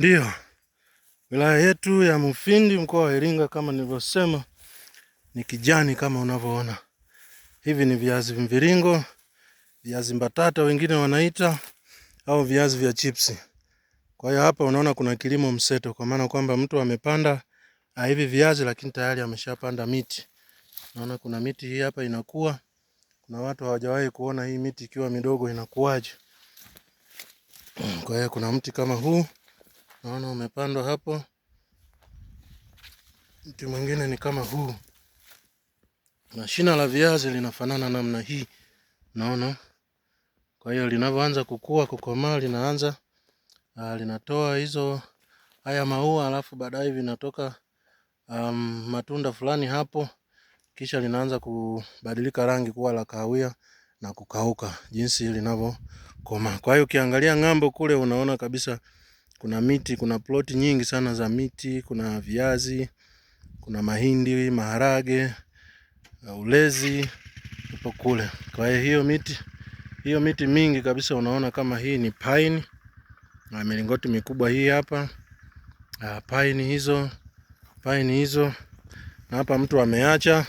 Ndiyo, wilaya yetu ya Mufindi mkoa wa Iringa kama nilivyosema ni kijani kama unavyoona. Hivi ni viazi mviringo, viazi mbatata wengine wanaita au viazi vya chipsi. Kwa hiyo hapa unaona kuna kilimo mseto kwa maana kwamba mtu amepanda ah, hivi viazi lakini tayari ameshapanda miti. Naona kuna miti hii hapa inakuwa. Kuna watu hawajawahi kuona hii miti ikiwa midogo inakuwaje. Kwa hiyo kuna mti kama huu naona umepandwa hapo. Mti mwingine ni kama huu, na shina la viazi linafanana namna hii, naona. Kwa hiyo linavyoanza kukua, kukomaa, linaanza uh, linatoa hizo haya maua, alafu baadaye vinatoka um, matunda fulani hapo, kisha linaanza kubadilika rangi kuwa la kahawia na kukauka jinsi linavyokomaa. Kwa hiyo ukiangalia ng'ambo kule unaona kabisa kuna miti, kuna ploti nyingi sana za miti, kuna viazi, kuna mahindi, maharage, ulezi upo kule. Kwa hiyo hiyo miti hiyo miti mingi kabisa, unaona kama hii ni pine na milingoti mikubwa hii hapa ah, pine hizo pine hizo, na hapa mtu ameacha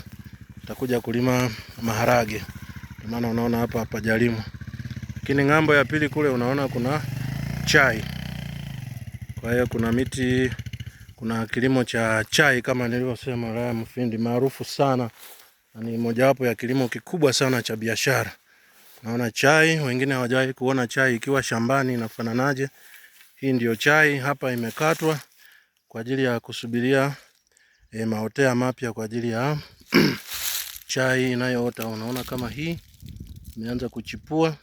atakuja kulima maharage, kwa maana unaona hapa hapa jalimu. Lakini ng'ambo ya pili kule unaona kuna chai. Kwa hiyo kuna miti, kuna kilimo cha chai kama nilivyosema, Raya ya Mufindi maarufu sana, ni mojawapo ya kilimo kikubwa sana cha biashara. Naona chai, wengine hawajawahi kuona chai ikiwa shambani inafananaje. Hii ndio chai hapa, imekatwa kwa ajili ya kusubiria e, maotea mapya kwa ajili ya chai inayoota. Unaona kama hii imeanza kuchipua,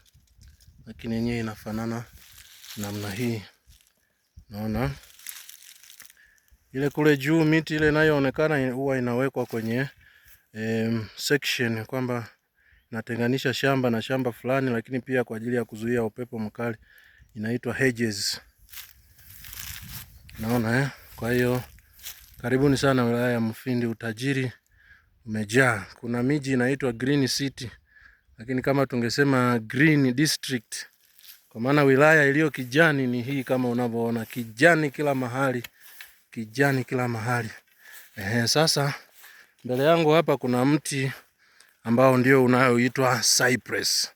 lakini yenyewe inafanana namna hii. Naona ile kule juu miti ile inayoonekana huwa inawekwa kwenye um, section kwamba inatenganisha shamba na shamba fulani, lakini pia kwa ajili ya kuzuia upepo mkali inaitwa hedges. Naona eh? Kwa hiyo karibuni sana wilaya ya Mufindi, utajiri umejaa. Kuna miji inaitwa green city, lakini kama tungesema green district kwa maana wilaya iliyo kijani ni hii kama unavyoona, kijani kila mahali, kijani kila mahali. Ehe, sasa mbele yangu hapa kuna mti ambao ndio unayoitwa cypress,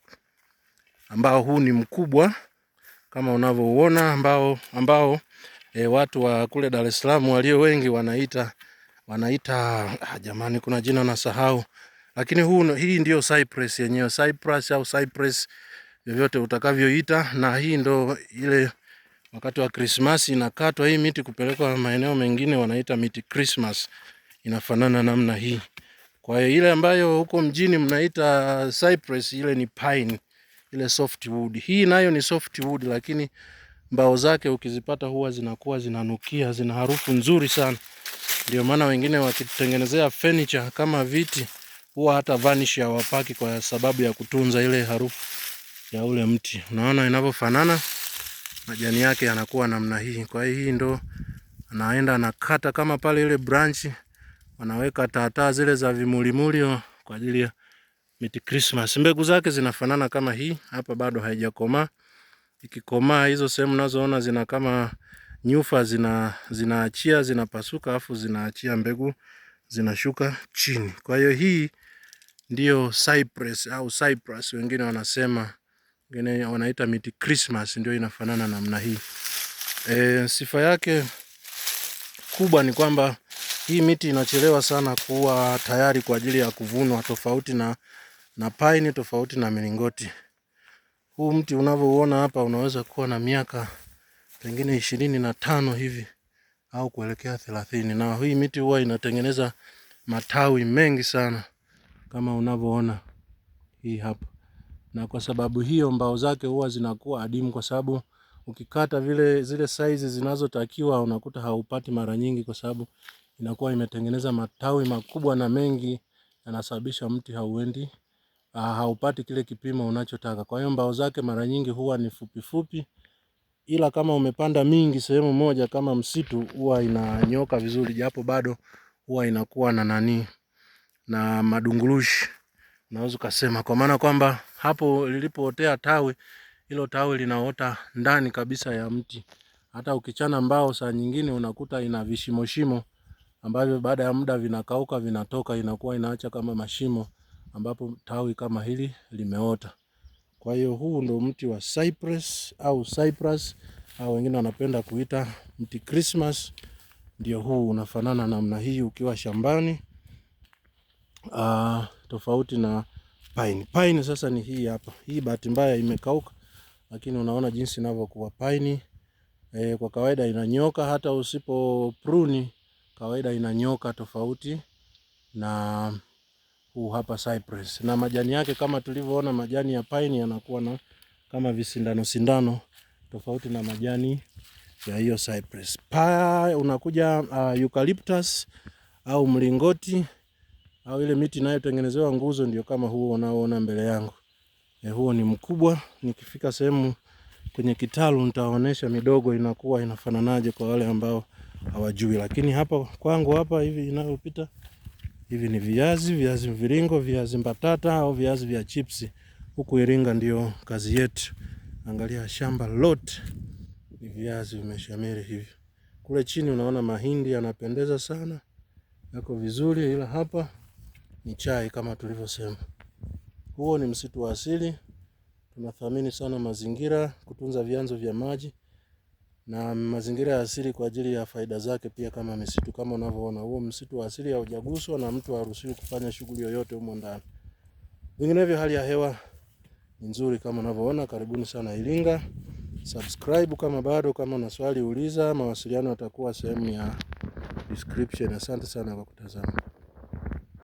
ambao huu ni mkubwa kama unavyouona, ambao, ambao e, watu wa kule Dar es Salaam walio wengi wanaita wanaita ah, jamani, kuna jina nasahau, lakini huu, hii ndio cypress yenyewe, cypress au cypress vyovyote utakavyoita, na hii ndo ile wakati wa Krismasi inakatwa hii miti kupelekwa maeneo mengine, wanaita miti Christmas, inafanana namna hii. Kwa hiyo ile ambayo huko mjini mnaita cypress, ile ni pine, ile softwood. Hii nayo ni softwood, lakini mbao zake ukizipata huwa zinakuwa zinanukia, zina harufu nzuri sana. Ndio maana wengine wakitengenezea furniture kama viti huwa hata varnish hawapaki kwa sababu ya kutunza ile harufu ya ule mti. Unaona inavyofanana, majani yake yanakuwa namna hii. Kwa hiyo hii ndo anaenda anakata kama pale ile branch wanaweka taataa zile za vimulimuli kwa ajili ya miti Christmas. Mbegu zake zinafanana kama hii hapa, bado haijakomaa. Ikikomaa hizo sehemu nazoona zina kama nyufa zina zinaachia zinapasuka, afu zinaachia mbegu zinashuka chini. Kwa hiyo hii ndio cypress au Cypress wengine wanasema Ngine wanaita miti Christmas, ndio inafanana namna hii. E, sifa yake kubwa ni kwamba hii miti inachelewa sana kuwa tayari kwa ajili ya kuvunwa, tofauti na, na paini, tofauti na milingoti. Huu mti unavyouona hapa unaweza kuwa na miaka pengine ishirini na tano hivi au kuelekea thelathini, na hii miti huwa inatengeneza matawi mengi sana kama unavyoona hii hapa na kwa sababu hiyo mbao zake huwa zinakuwa adimu, kwa sababu ukikata vile zile size zinazotakiwa unakuta haupati mara nyingi, kwa sababu inakuwa imetengeneza matawi makubwa na mengi, yanasababisha mti hauendi ah, haupati kile kipimo unachotaka. Kwa hiyo mbao zake mara nyingi huwa ni fupi fupi, ila kama umepanda mingi sehemu moja kama msitu, huwa inanyoka vizuri, japo bado huwa inakuwa na nani na madungurushi naweza ukasema, kwa maana kwamba hapo lilipootea tawi, hilo tawi linaota ndani kabisa ya mti. Hata ukichana mbao, saa nyingine unakuta ina vishimoshimo ambavyo baada ya muda vinakauka, vinatoka, inakuwa inaacha kama mashimo ambapo tawi kama hili limeota. Kwa hiyo huu ndo mti wa cypress au cypress au wengine wanapenda kuita mti Christmas. Ndio huu unafanana namna hii ukiwa shambani. Aa, ah, tofauti na pine. Pine sasa ni hii hapa. Hii bahati mbaya imekauka, lakini unaona jinsi inavyokuwa pine. E, kwa kawaida inanyoka hata usipo pruni, kawaida inanyoka tofauti na huu hapa cypress. Na majani yake kama tulivyoona, majani ya pine yanakuwa na kama visindano sindano tofauti na majani ya hiyo cypress. Pa unakuja uh, eucalyptus au mlingoti au ile miti inayotengenezewa nguzo ndio kama huo unaoona mbele yangu. E, huo ni mkubwa. Nikifika sehemu kwenye kitalu nitaonesha midogo inakuwa inafananaje kwa wale ambao hawajui, lakini hapa kwangu hapa hivi inayopita hivi ni viazi, viazi mviringo, viazi mbatata au viazi vya chipsi. Huku Iringa ndio kazi yetu. Angalia shamba lote ni viazi vimeshamiri hivi. Kule chini unaona mahindi yanapendeza sana, yako vizuri, ila hapa ni chai kama tulivyosema. Huo ni msitu wa asili. Tunathamini sana mazingira, kutunza vyanzo vya maji na mazingira ya asili kwa ajili ya faida zake pia kama misitu. Kama unavyoona, huo msitu wa asili haujaguswa na mtu haruhusiwi kufanya shughuli yoyote humo ndani. Vinginevyo hali ya hewa ni nzuri kama unavyoona. Karibuni sana Iringa. Subscribe kama bado. Kama una swali uliza, mawasiliano yatakuwa sehemu ya description. Asante sana kwa kutazama.